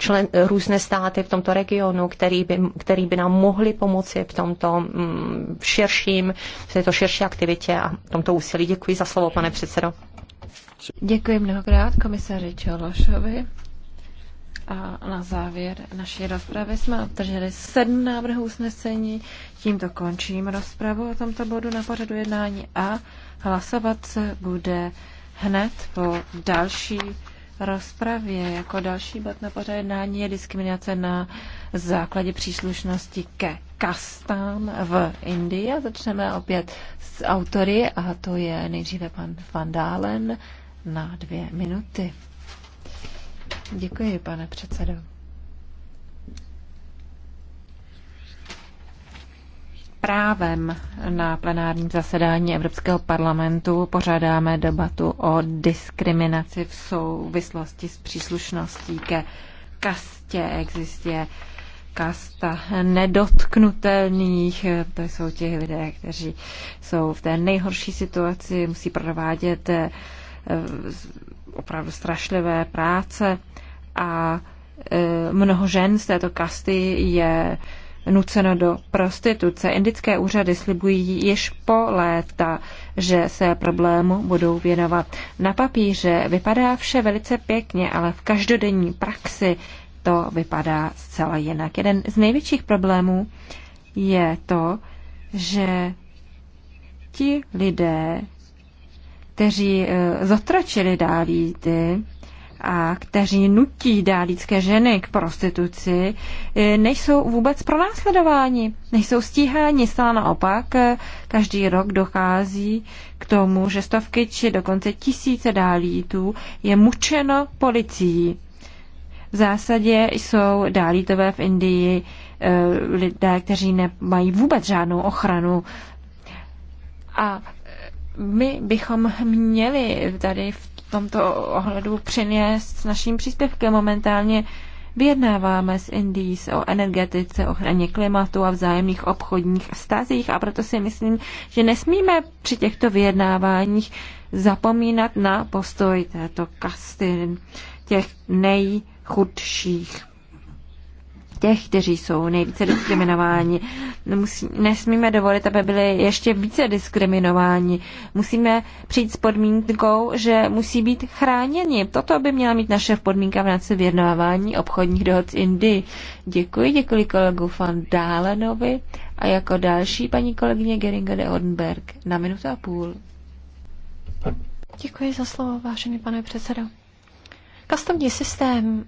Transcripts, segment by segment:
člen, různé státy v tomto regionu, který by, který by nám mohli pomoci v tomto mm, širším, v této širší aktivitě a v tomto úsilí. Děkuji za slovo, pane předsedo. Děkuji mnohokrát komisaři Čološovi. A na závěr naší rozpravy jsme obdrželi sedm návrhů usnesení. Tímto končím rozpravu o tomto bodu na pořadu jednání a hlasovat se bude hned po další rozpravě. Jako další bod na pořádání je diskriminace na základě příslušnosti ke kastám v Indii. A začneme opět s autory a to je nejdříve pan Van Dalen na dvě minuty. Děkuji, pane předsedo. právem na plenárním zasedání Evropského parlamentu pořádáme debatu o diskriminaci v souvislosti s příslušností ke kastě. Existuje kasta nedotknutelných, to jsou ti lidé, kteří jsou v té nejhorší situaci, musí provádět eh, opravdu strašlivé práce a eh, mnoho žen z této kasty je nuceno do prostituce. Indické úřady slibují již po léta, že se problému budou věnovat. Na papíře vypadá vše velice pěkně, ale v každodenní praxi to vypadá zcela jinak. Jeden z největších problémů je to, že ti lidé, kteří eh, zotročili dálíty, a kteří nutí dálícké ženy k prostituci, e, nejsou vůbec pronásledováni, nejsou stíháni. Stále naopak, e, každý rok dochází k tomu, že stovky či dokonce tisíce dálítů je mučeno policií. V zásadě jsou dálítové v Indii e, lidé, kteří nemají vůbec žádnou ochranu. A my bychom měli tady v tomto ohledu přinést s naším příspěvkem. Momentálně vyjednáváme s Indií o energetice, ochraně klimatu a vzájemných obchodních stazích a proto si myslím, že nesmíme při těchto vyjednáváních zapomínat na postoj této kasty, těch nejchudších těch, kteří jsou nejvíce diskriminováni. Musí, nesmíme dovolit, aby byli ještě více diskriminováni. Musíme přijít s podmínkou, že musí být chráněni. Toto by měla mít naše podmínka v rámci vyjednávání obchodních dohod z Indii. Děkuji, děkuji kolegu Van Dálenovi a jako další paní kolegyně Geringa de Odenberg na minutu a půl. Děkuji za slovo, vážený pane předsedo. Kastovní systém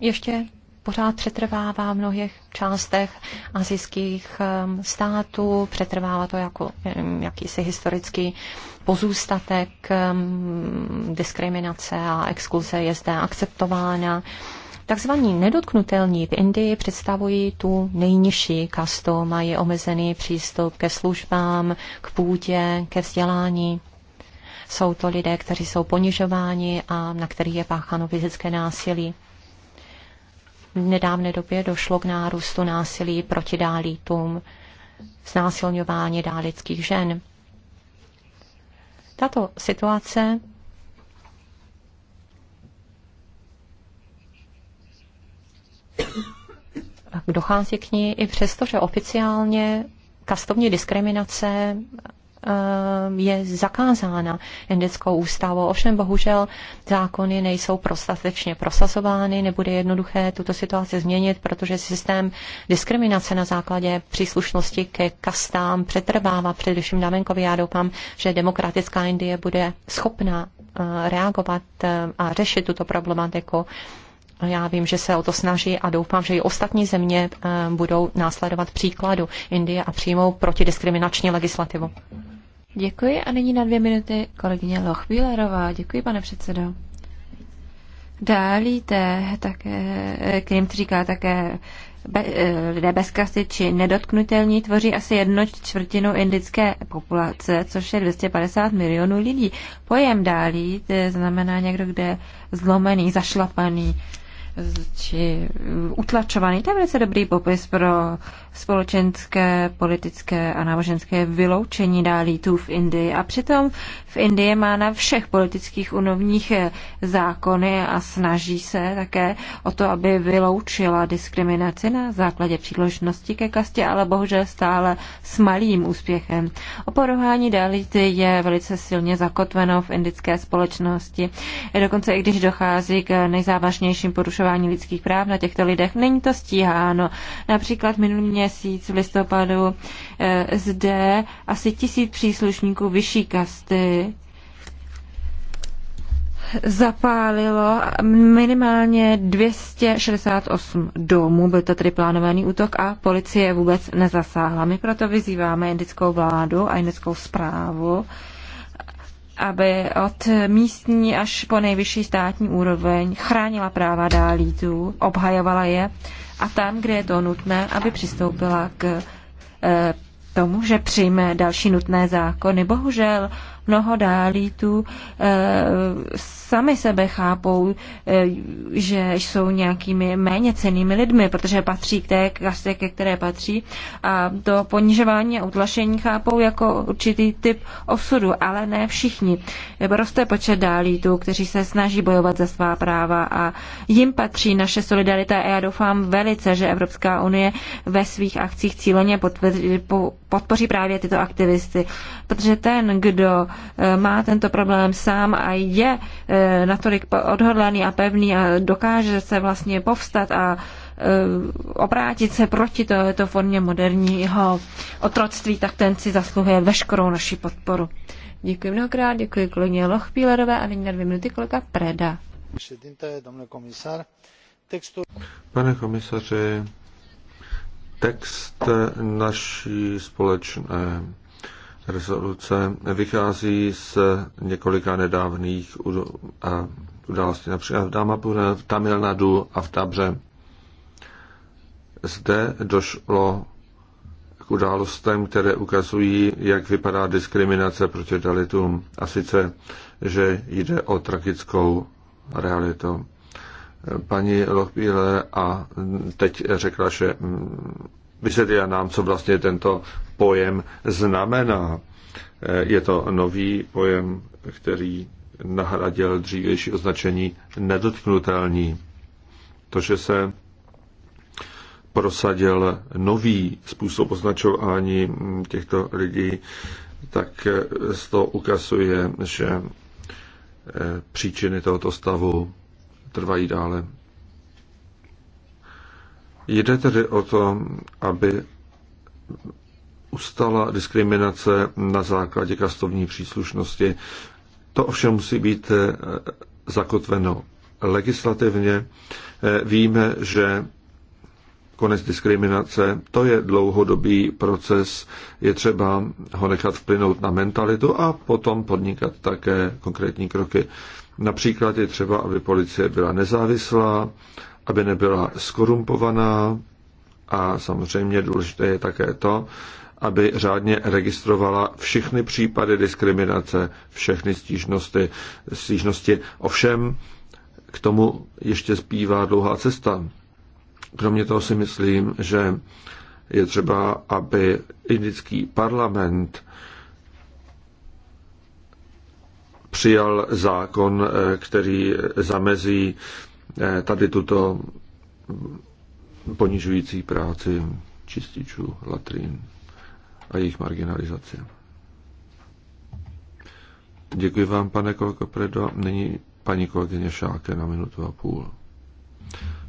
ještě pořád přetrvává v mnohých částech azijských ehm, států, přetrvává to jako ehm, jakýsi historický pozůstatek ehm, diskriminace a exkluze je zde akceptována. Takzvaní nedotknutelní v Indii představují tu nejnižší kastu, mají omezený přístup ke službám, k půdě, ke vzdělání. Jsou to lidé, kteří jsou ponižováni a na kterých je pácháno fyzické násilí nedávné době došlo k nárůstu násilí proti dálítům, znásilňování dálických žen. Tato situace dochází k ní i přesto, že oficiálně kastovní diskriminace Eh, je zakázána indickou ústavou. Ovšem bohužel zákony nejsou prostatečně prosazovány, nebude jednoduché tuto situaci změnit, protože systém diskriminace na základě příslušnosti ke kastám přetrvává především na venkově. Já doufám, že demokratická Indie bude schopna eh, reagovat eh, a řešit tuto problematiku. Já vím, že se o to snaží a doufám, že i ostatní země budou následovat příkladu Indie a přijmou protidiskriminační legislativu. Děkuji a nyní na dvě minuty kolegyně Lochbílerová. Děkuji, pane předsedo. Dálíte také, eh, kterým říká také be, eh, lidé bez kasy či nedotknutelní tvoří asi jedno čtvrtinu indické populace, což je 250 milionů lidí. Pojem dálit eh, znamená někdo, kde je zlomený, zašlapaný či utlačovaný. To je velice dobrý popis pro společenské, politické a náboženské vyloučení dálítů v Indii. A přitom v Indii má na všech politických unovních zákony a snaží se také o to, aby vyloučila diskriminaci na základě příležitosti ke kastě, ale bohužel stále s malým úspěchem. Oporování dálíty je velice silně zakotveno v indické společnosti. Dokonce i když dochází k nejzávažnějším porušování porušování lidských práv na těchto lidech. Není to stíháno. Například minulý měsíc v listopadu eh, zde asi tisíc příslušníků vyšší kasty zapálilo minimálně 268 domů, byl to tedy plánovaný útok a policie vůbec nezasáhla. My proto vyzýváme indickou vládu a indickou zprávu, aby od místní až po nejvyšší státní úroveň chránila práva dálítů, obhajovala je a tam, kde je to nutné, aby přistoupila k eh, tomu, že přijme další nutné zákony. Bohužel mnoho dálítů eh, sami sebe chápou, eh, že jsou nějakými méně cenými lidmi, protože patří k té kaste, ke které patří a to ponižování a utlašení chápou jako určitý typ osudu, ale ne všichni. Je eh, Roste počet dálítů, kteří se snaží bojovat za svá práva a jim patří naše solidarita a já doufám velice, že Evropská unie ve svých akcích cíleně podpoří právě tyto aktivisty, protože ten, kdo E, má tento problém sám a je e, natolik odhodlaný a pevný a dokáže se vlastně povstat a e, obrátit se proti této formě moderního otroctví, tak ten si zasluhuje veškerou naši podporu. Děkuji mnohokrát, děkuji kolegyně Lochpílerové a nyní na dvě minuty kolega Preda. Pane komisaři, text naší společné rezoluce vychází z několika nedávných událostí, například v Damapure, v Tamil Nadu a v Tabře. Zde došlo k událostem, které ukazují, jak vypadá diskriminace proti dalitům. A sice, že jde o tragickou realitu. Paní Lochbíle a teď řekla, že mm, vysvětlila nám, co vlastně tento pojem znamená. Eh, je to nový pojem, který nahradil dřívější označení nedotknutelný. To, že se prosadil nový způsob označování těchto lidí, tak eh, z toho ukazuje, že eh, příčiny tohoto stavu trvají dále. Jde tedy o to, aby ustala diskriminace na základě kastovní příslušnosti. To ovšem musí být eh, zakotveno legislativně. Eh, víme, že konec diskriminace, to je dlouhodobý proces, je třeba ho nechat vplynout na mentalitu a potom podnikat také konkrétní kroky. Například je třeba, aby policie byla nezávislá, aby nebyla skorumpovaná a samozřejmě důležité je také to, aby řádně registrovala všechny případy diskriminace, všechny stížnosti. stížnosti. Ovšem, k tomu ještě zpívá dlouhá cesta. Kromě toho si myslím, že je třeba, aby indický parlament přijal zákon, eh, který zamezí Eh, tady tuto ponižující práci čističů latrín a jejich marginalizaci. Děkuji vám, pane Kolko Predo. Nyní paní kolegyně Šáke na minutu a půl.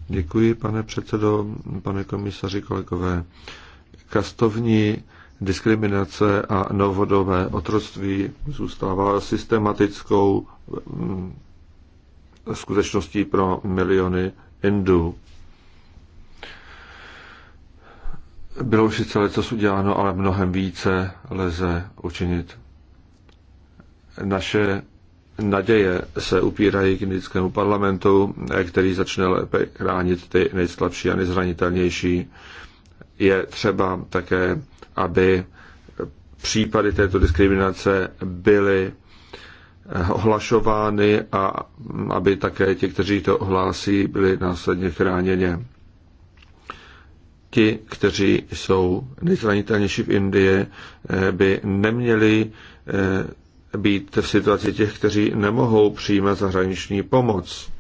Děkuji, pane předsedo, pane komisaři, kolegové. Kastovní diskriminace a novodové otroctví zůstává systematickou mm, skutečností pro miliony Indů. Bylo už sice co uděláno, ale mnohem více lze učinit. Naše naděje se upírají k indickému parlamentu, který začne lépe chránit ty nejslabší a nejzranitelnější. Je třeba také, aby případy této diskriminace byly ohlašovány a aby také ti, kteří to ohlásí, byli následně chráněni. Ti, kteří jsou nejzranitelnější v Indii, eh, by neměli eh, být v situaci těch, kteří nemohou přijímat zahraniční pomoc.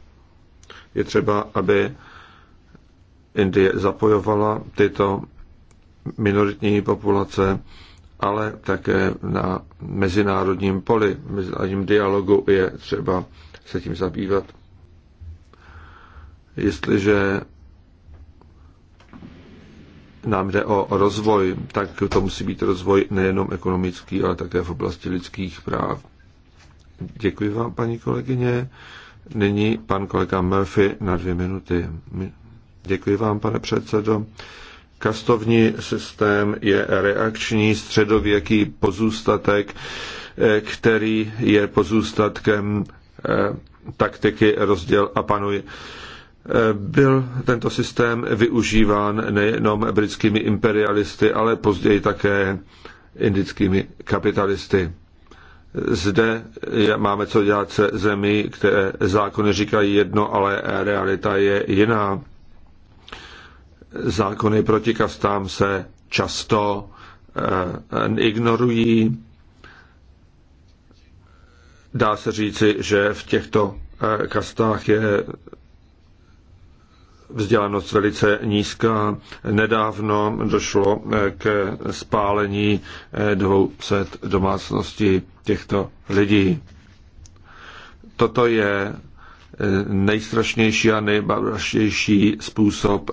Je třeba, aby Indie zapojovala tyto minoritní populace ale také na mezinárodním poli, mezinárodním dialogu je třeba se tím zabývat. Jestliže nám jde o rozvoj, tak to musí být rozvoj nejenom ekonomický, ale také v oblasti lidských práv. Děkuji vám, paní kolegyně. Nyní pan kolega Murphy na dvě minuty. Děkuji vám, pane předsedo. Kastovní systém je reakční středověký pozůstatek, eh, který je pozůstatkem eh, taktiky rozděl a panuj. Eh, byl tento systém využíván nejenom britskými imperialisty, ale později také indickými kapitalisty. Zde máme co dělat se zemí, které zákony říkají jedno, ale realita je jiná zákony proti kastám se často eh, ignorují. Dá se říci, že v těchto eh, kastách je vzdělanost velice nízká. Nedávno došlo eh, k spálení 200 domácností těchto lidí. Toto je nejstrašnější a nejbarvnější způsob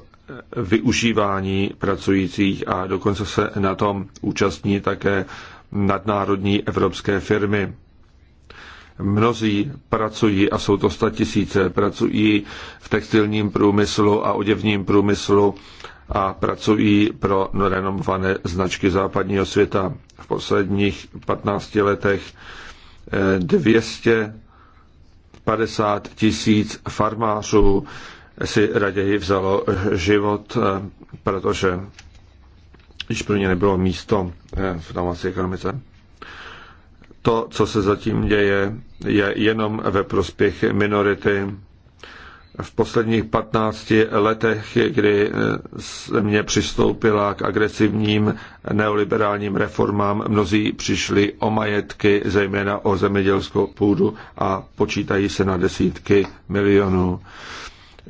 využívání pracujících a dokonce se na tom účastní také nadnárodní evropské firmy. Mnozí pracují, a jsou to sta tisíce, pracují v textilním průmyslu a oděvním průmyslu a pracují pro renomované značky západního světa. V posledních 15 letech 250 eh, tisíc farmářů si raději vzalo život, protože již pro ně nebylo místo eh, v domácí ekonomice. To, co se zatím děje, je jenom ve prospěch minority. V posledních 15 letech, kdy eh, země přistoupila k agresivním neoliberálním reformám, mnozí přišli o majetky, zejména o zemědělskou půdu a počítají se na desítky milionů.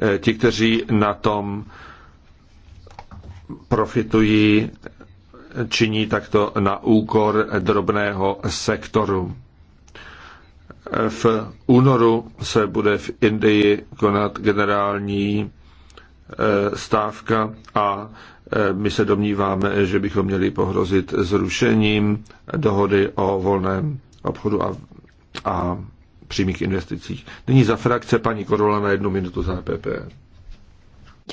Eh, ti, kteří na tom profitují, činí takto na úkor drobného sektoru. Eh, v únoru se bude v Indii konat generální eh, stávka a my se domníváme, že bychom měli pohrozit zrušením dohody o volném obchodu a, a přímých investicích. Nyní za frakce paní Korola na jednu minutu za PP.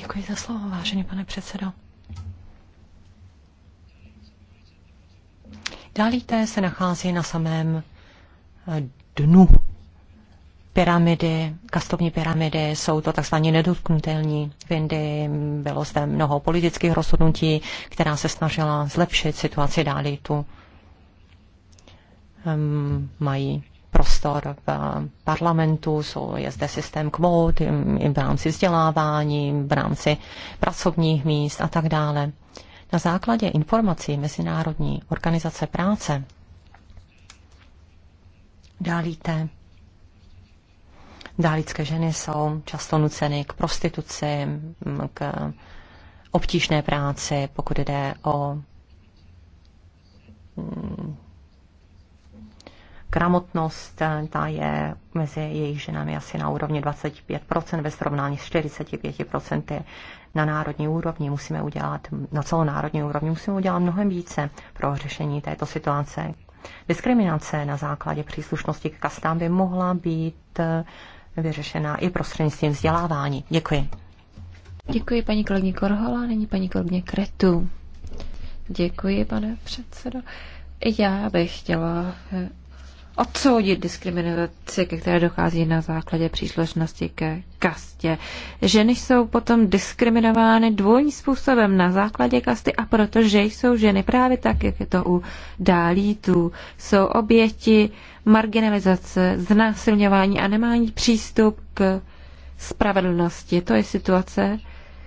Děkuji za slovo, vážený pane předsedo. Dalité se nachází na samém eh, dnu pyramidy, kastovní pyramidy, jsou to tzv. nedotknutelní. V Indii bylo zde mnoho politických rozhodnutí, která se snažila zlepšit situaci dálitu. Um, ehm, mají prostor v parlamentu, jsou, je zde systém kvót i v rámci vzdělávání, v rámci pracovních míst a tak dále. Na základě informací Mezinárodní organizace práce dálíte Dálické ženy jsou často nuceny k prostituci, k obtížné práci, pokud jde o Kramotnost eh, ta je mezi jejich ženami asi na úrovni 25% ve srovnání s 45% na národní úrovni. Musíme udělat, na celonárodní úrovni musíme udělat mnohem více pro řešení této situace. Diskriminace na základě příslušnosti k kastám by mohla být eh, vyřešena i prostřednictvím vzdělávání. Děkuji. Děkuji paní kolegyně Korhola, nyní paní kolegyně Kretu. Děkuji, pane předsedo. Já bych chtěla eh, odsoudit diskriminaci, ke které dochází na základě příslušnosti ke kastě. Ženy jsou potom diskriminovány dvojím způsobem na základě kasty a protože jsou ženy právě tak, jak je to u dálítů. Jsou oběti marginalizace, znásilňování a nemají přístup k spravedlnosti. To je situace,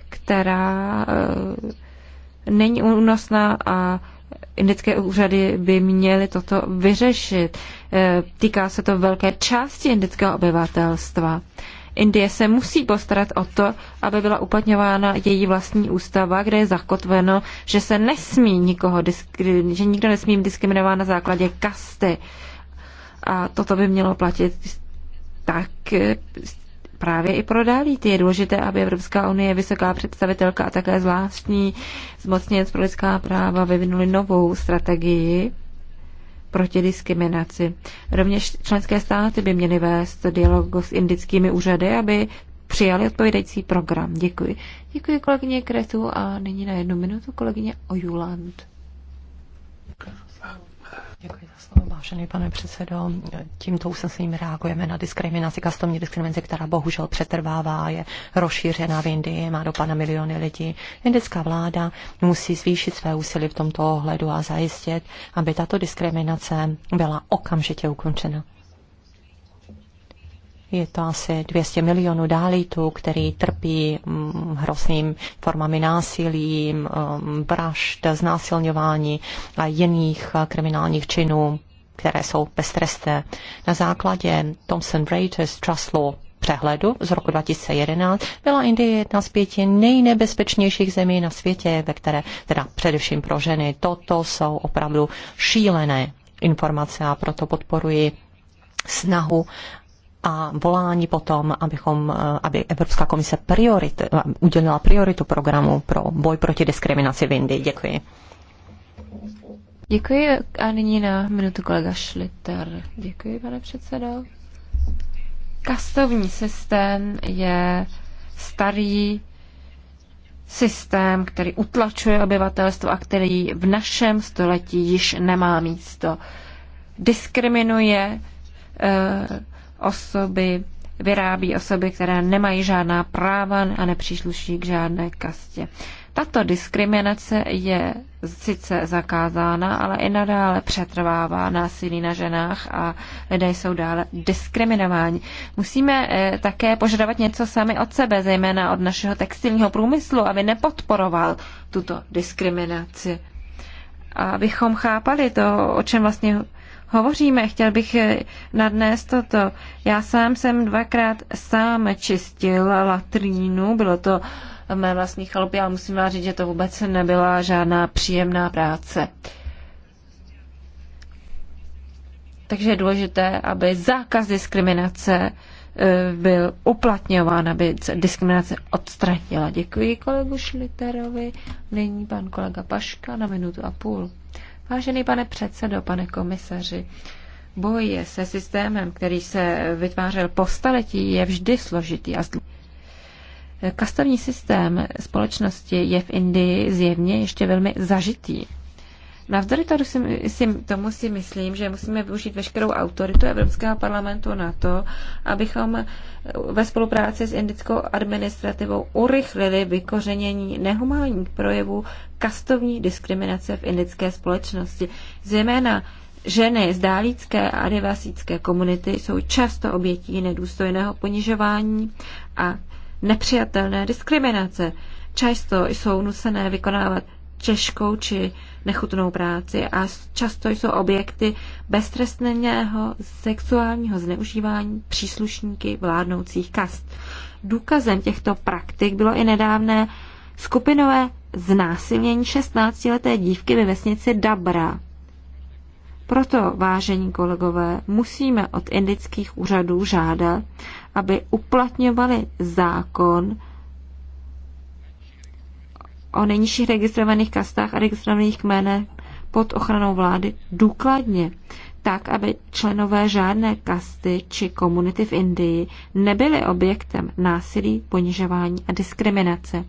která eh, není únosná a indické úřady by měly toto vyřešit. Eh, týká se to velké části indického obyvatelstva. Indie se musí postarat o to, aby byla uplatňována její vlastní ústava, kde je zakotveno, že se nesmí nikoho, že nikdo nesmí diskriminovat na základě kasty. A toto by mělo platit tak eh, právě i pro Dalíty. Je důležité, aby Evropská unie, vysoká představitelka a také zvláštní zmocněnec pro lidská práva vyvinuli novou strategii proti diskriminaci. Rovněž členské státy by měly vést dialog s indickými úřady, aby přijali odpovědající program. Děkuji. Děkuji kolegyně Kretu a nyní na jednu minutu kolegyně Ojuland. Děkuji za slovo, vážený pane předsedo. Tímto usnesením reagujeme na diskriminaci, kastovní diskriminaci, která bohužel přetrvává, je rozšířena v Indii, má dopad na miliony lidí. Indická vláda musí zvýšit své úsilí v tomto ohledu a zajistit, aby tato diskriminace byla okamžitě ukončena je to asi 200 milionů dálitů, který trpí mm, hrozným formami násilí, mm, vražd, znásilňování a jiných eh, kriminálních činů, které jsou beztresté. Na základě Thomson Reuters Trust Law přehledu z roku 2011 byla Indie jedna z pěti nejnebezpečnějších zemí na světě, ve které teda především pro ženy. Toto jsou opravdu šílené informace a proto podporuji snahu a volání potom, abychom, eh, aby Evropská komise priorit, eh, udělila prioritu programu pro boj proti diskriminaci v Indii. Děkuji. Děkuji a nyní na minutu kolega Šliter. Děkuji, pane předsedo. Kastovní systém je starý systém, který utlačuje obyvatelstvo a který v našem století již nemá místo. Diskriminuje eh, osoby, vyrábí osoby, které nemají žádná práva a nepřísluší k žádné kastě. Tato diskriminace je sice zakázána, ale i nadále přetrvává násilí na ženách a lidé jsou dále diskriminováni. Musíme eh, také požadovat něco sami od sebe, zejména od našeho textilního průmyslu, aby nepodporoval tuto diskriminaci. A abychom chápali to, o čem vlastně hovoříme. Chtěl bych eh, nadnést toto. Já sám jsem dvakrát sám čistil latrínu, bylo to v mé vlastní chalupě, ale musím vám říct, že to vůbec nebyla žádná příjemná práce. Takže je důležité, aby zákaz diskriminace eh, byl uplatňován, aby se diskriminace odstranila. Děkuji kolegu Šliterovi. Nyní pan kolega Paška na minutu a půl. Vážený pane předsedo, pane komisaři, boj se systémem, který se vytvářel po staletí, je vždy složitý a zdl... Kastovní systém společnosti je v Indii zjevně ještě velmi zažitý. Navzdory to, tomu si myslím, že musíme využít veškerou autoritu Evropského parlamentu na to, abychom eh, ve spolupráci s indickou administrativou urychlili vykořenění nehumánních projevů kastovní diskriminace v indické společnosti. Zejména ženy z dálícké a adivasícké komunity jsou často obětí nedůstojného ponižování a nepřijatelné diskriminace. Často jsou nucené vykonávat těžkou či nechutnou práci a často jsou objekty beztrestného sexuálního zneužívání příslušníky vládnoucích kast. Důkazem těchto praktik bylo i nedávné skupinové znásilnění 16-leté dívky ve vesnici Dabra. Proto, vážení kolegové, musíme od indických úřadů žádat, aby uplatňovali zákon, o nejnižších registrovaných kastách a registrovaných kmenech pod ochranou vlády důkladně, tak, aby členové žádné kasty či komunity v Indii nebyly objektem násilí, ponižování a diskriminace.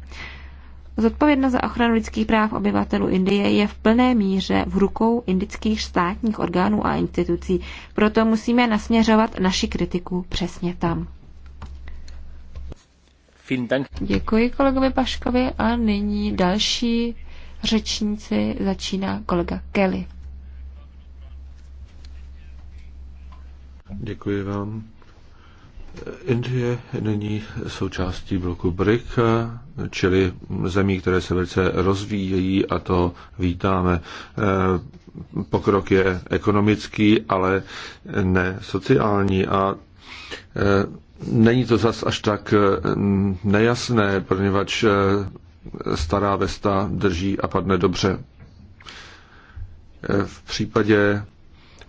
Zodpovědnost za ochranu lidských práv obyvatelů Indie je v plné míře v rukou indických státních orgánů a institucí, proto musíme nasměřovat naši kritiku přesně tam. Děkuji kolegovi Paškovi a nyní další řečníci začíná kolega Kelly. Děkuji vám. Indie není součástí bloku BRIC, čili zemí, které se velice rozvíjejí a to vítáme. Pokrok je ekonomický, ale ne sociální a Není to zas až tak eh, nejasné, poněvadž eh, stará vesta drží a padne dobře. Eh, v případě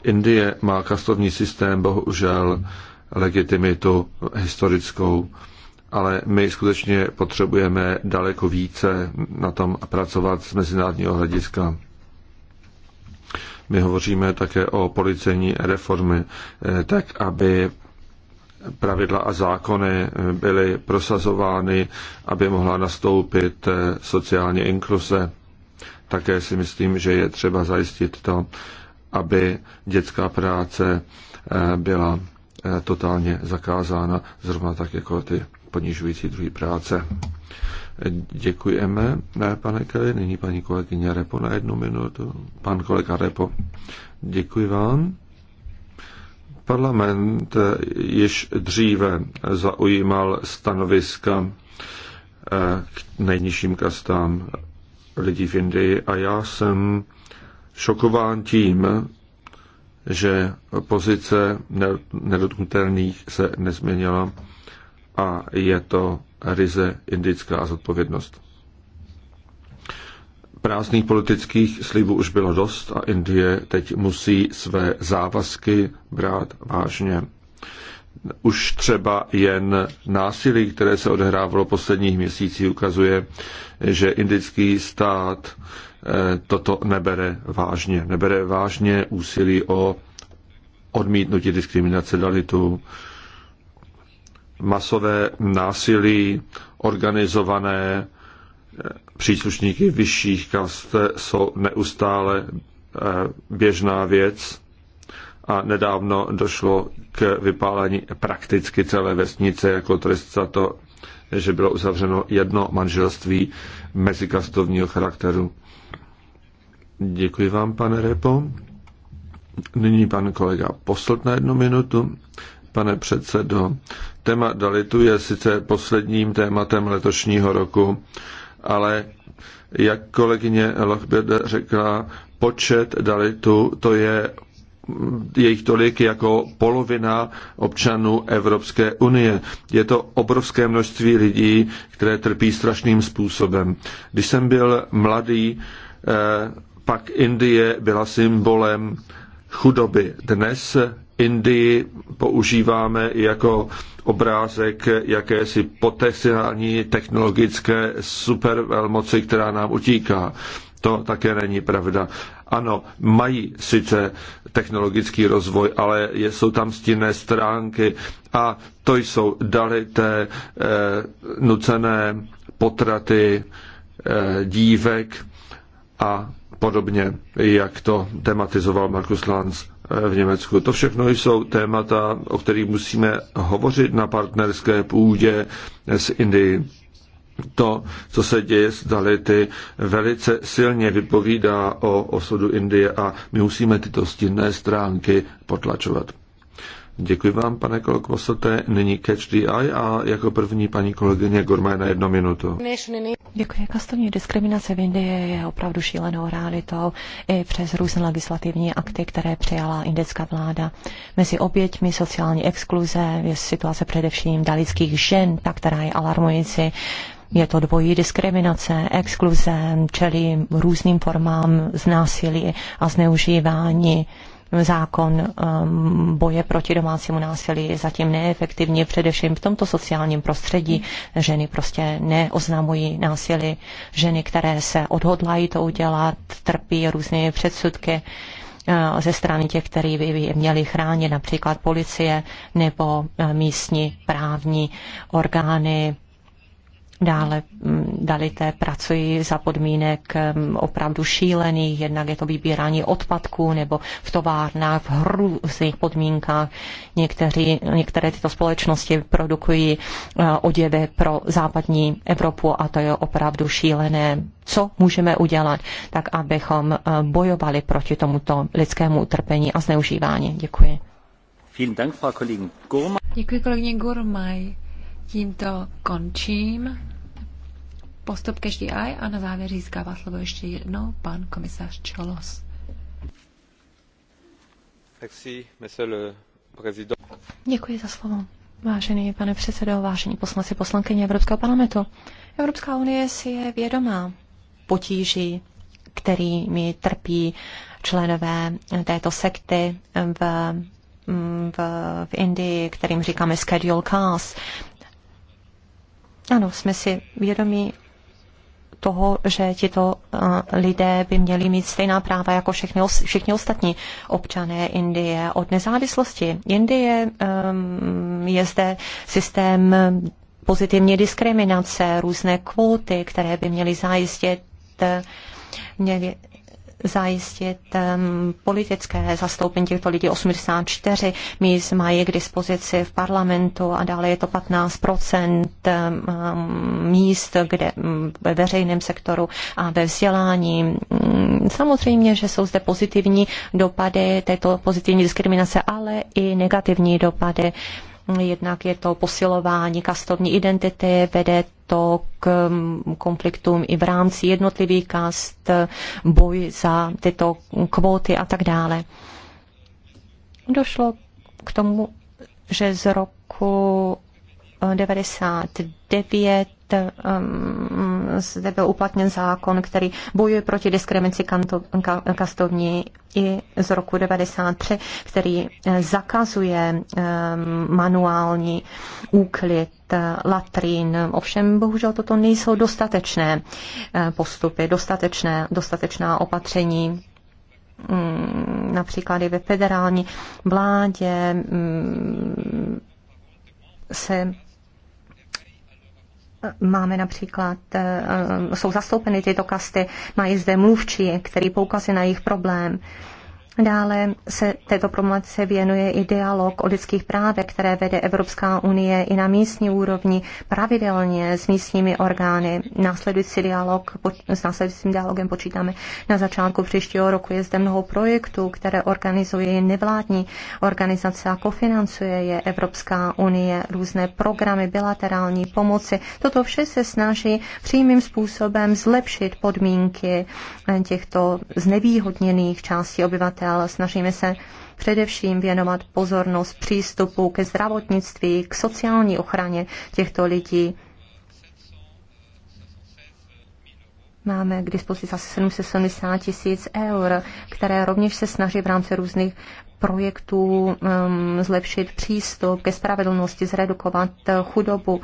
Indie má kastovní systém bohužel legitimitu historickou, ale my skutečně potřebujeme daleko více na tom pracovat z mezinárodního hlediska. My hovoříme také o policejní reformy, tak aby pravidla a zákony byly prosazovány, aby mohla nastoupit eh, sociální inkluze. Také si myslím, že je třeba zajistit to, aby dětská práce eh, byla eh, totálně zakázána, zrovna tak jako ty ponižující druhý práce. Děkujeme, ne, pane Kelly. Nyní paní kolegyně Repo na jednu minutu. Pan kolega Repo, děkuji vám. Parlament již dříve zaujímal stanoviska eh, k nejnižším kastám lidí v Indii a já jsem šokován tím, že pozice nedotknutelných se nezměnila a je to ryze indická zodpovědnost prázdných politických slibů už bylo dost a Indie teď musí své závazky brát vážně. Už třeba jen násilí, které se odehrávalo posledních měsící, ukazuje, že indický stát eh, toto nebere vážně. Nebere vážně úsilí o odmítnutí diskriminace dalitů. Masové násilí, organizované eh, příslušníky vyšších kast jsou neustále eh, běžná věc a nedávno došlo k vypálení prakticky celé vesnice jako trest za to, že bylo uzavřeno jedno manželství mezikastovního charakteru. Děkuji vám, pane Repo. Nyní pan kolega posled na jednu minutu. Pane předsedo, téma Dalitu je sice posledním tématem letošního roku, ale jak kolegyně Lochbird řekla, počet dalitů to je jejich tolik jako polovina občanů Evropské unie. Je to obrovské množství lidí, které trpí strašným způsobem. Když jsem byl mladý, eh, pak Indie byla symbolem chudoby. Dnes Indii používáme jako obrázek jakési potenciální technologické supervelmoci, která nám utíká. To také není pravda. Ano, mají sice technologický rozvoj, ale jsou tam stinné stránky a to jsou dalité eh, nucené potraty eh, dívek a podobně, jak to tematizoval Markus Lanz v Německu. To všechno jsou témata, o kterých musíme hovořit na partnerské půdě s Indií. To, co se děje s Dality, velice silně vypovídá o osudu Indie a my musíme tyto stinné stránky potlačovat. Děkuji vám, pane kolego Kosote. Nyní Catch the Eye a jako první paní kolegyně Gorma na jednu minutu. Děkuji. Kastovní diskriminace v Indii je opravdu šílenou realitou i přes různé legislativní akty, které přijala indická vláda. Mezi oběťmi sociální exkluze je situace především dalických žen, ta, která je alarmující. Je to dvojí diskriminace, exkluze, čelí různým formám znásilí a zneužívání zákon um, boje proti domácímu násilí je zatím neefektivní, především v tomto sociálním prostředí. Ženy prostě neoznamují násilí. Ženy, které se odhodlají to udělat, trpí různé předsudky uh, ze strany těch, kteří by měli chránit, například policie nebo uh, místní právní orgány, Dále mm, dali té pracuji za podmínek mm, opravdu šílených, jednak je to vybírání odpadků nebo v továrnách v hrůzných podmínkách. Někteří, některé tyto společnosti produkují eh, oděvy pro západní Evropu a to je opravdu šílené. Co můžeme udělat, tak abychom eh, bojovali proti tomuto lidskému utrpení a zneužívání? Děkuji. Děkuji kolegyně Gormaj. Tímto končím postup každý aj a na závěr získává slovo ještě jednou pan komisař Čolos. Děkuji za slovo. Vážený pane předsedo, vážení poslanci, poslankyně Evropského parlamentu. Evropská unie si je vědomá potíží, kterými trpí členové této sekty v v, v Indii, kterým říkáme schedule cars, ano, jsme si vědomi toho, že tito eh, lidé by měli mít stejná práva jako všechny, všichni ostatní občané Indie od nezávislosti. Indie um, je zde systém pozitivní diskriminace, různé kvóty, které by měly zajistit eh, měli zajistit um, politické zastoupení těchto lidí. 84 míst mají k dispozici v parlamentu a dále je to 15 um, ehm, ehm, míst kde, um, ve veřejném sektoru a ve vzdělání. Mm, samozřejmě, že jsou zde pozitivní dopady této pozitivní diskriminace, ale i negativní dopady. Um, Jednak je to posilování kastovní identity, vede to k mm, konfliktům i v rámci jednotlivých kast, boj za tyto kvóty a tak dále. Došlo k tomu, že z roku 99 eh, Um, zde byl uplatněn zákon, který bojuje proti diskriminaci kastovní i z roku 93, který eh, zakazuje eh, manuální úklid eh, latrín. Ovšem, bohužel, toto nejsou dostatečné postupy, dostatečné, dostatečná opatření mm, například i ve federální vládě mm, se Máme například, eh, eh, jsou zastoupeny tyto kasty, mají zde mluvčí, který poukazuje na jejich problém. Dále se této problematice věnuje i dialog o lidských právech, které vede Evropská unie i na místní úrovni pravidelně s místními orgány. Následující dialog, s následujícím dialogem počítáme na začátku příštího roku. Je zde mnoho projektů, které organizuje nevládní organizace a kofinancuje je Evropská unie, různé programy bilaterální pomoci. Toto vše se snaží přímým způsobem zlepšit podmínky těchto znevýhodněných částí obyvatel obyvatel. Snažíme se především věnovat pozornost přístupu ke zdravotnictví, k sociální ochraně těchto lidí. Máme k dispozici asi 770 tisíc eur, které rovněž se snaží v rámci různých projektů um, zlepšit přístup ke spravedlnosti, zredukovat uh, chudobu,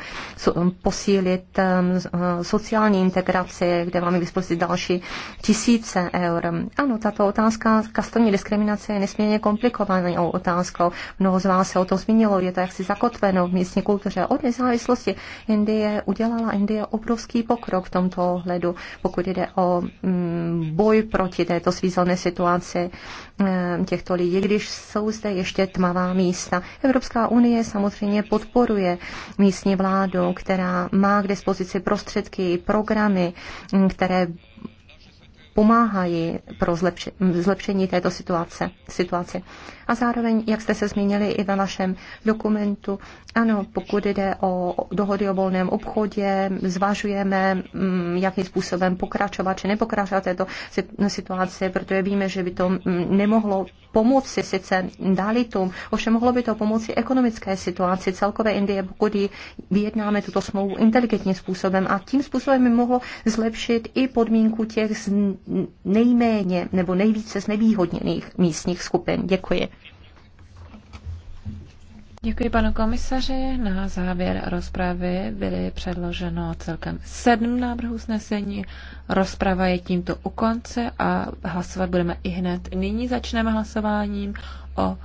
um, posílit um, uh, sociální integraci, kde máme k dispozici další tisíce eur. Ano, tato otázka kastovní diskriminace je nesmírně komplikovanou otázkou. Mnoho z vás se o tom zmínilo, je to jaksi zakotveno v místní kultuře. Od nezávislosti Indie udělala Indie obrovský pokrok v tomto ohledu, pokud jde o mm, boj proti této svízelné situaci eh, těchto lidí, když jsou zde ještě tmavá místa. Evropská unie samozřejmě podporuje místní vládu, která má k dispozici prostředky, programy, které pomáhají pro zlepši, zlepšení této situace, situace. A zároveň, jak jste se zmínili i ve vašem dokumentu, ano, pokud jde o dohody o volném obchodě, zvažujeme, mm, jakým způsobem pokračovat či nepokračovat této situaci, protože víme, že by to mm, nemohlo pomoci sice dalitům, ovšem mohlo by to pomoci ekonomické situaci celkové Indie, pokud ji vyjednáme tuto smlouvu inteligentním způsobem a tím způsobem by mohlo zlepšit i podmínku těch nejméně nebo nejvíce z nevýhodněných místních skupin. Děkuji. Děkuji panu komisaři. Na závěr rozpravy byly předloženo celkem sedm návrhů usnesení. Rozprava je tímto u konce a hlasovat budeme i hned. Nyní začneme hlasováním o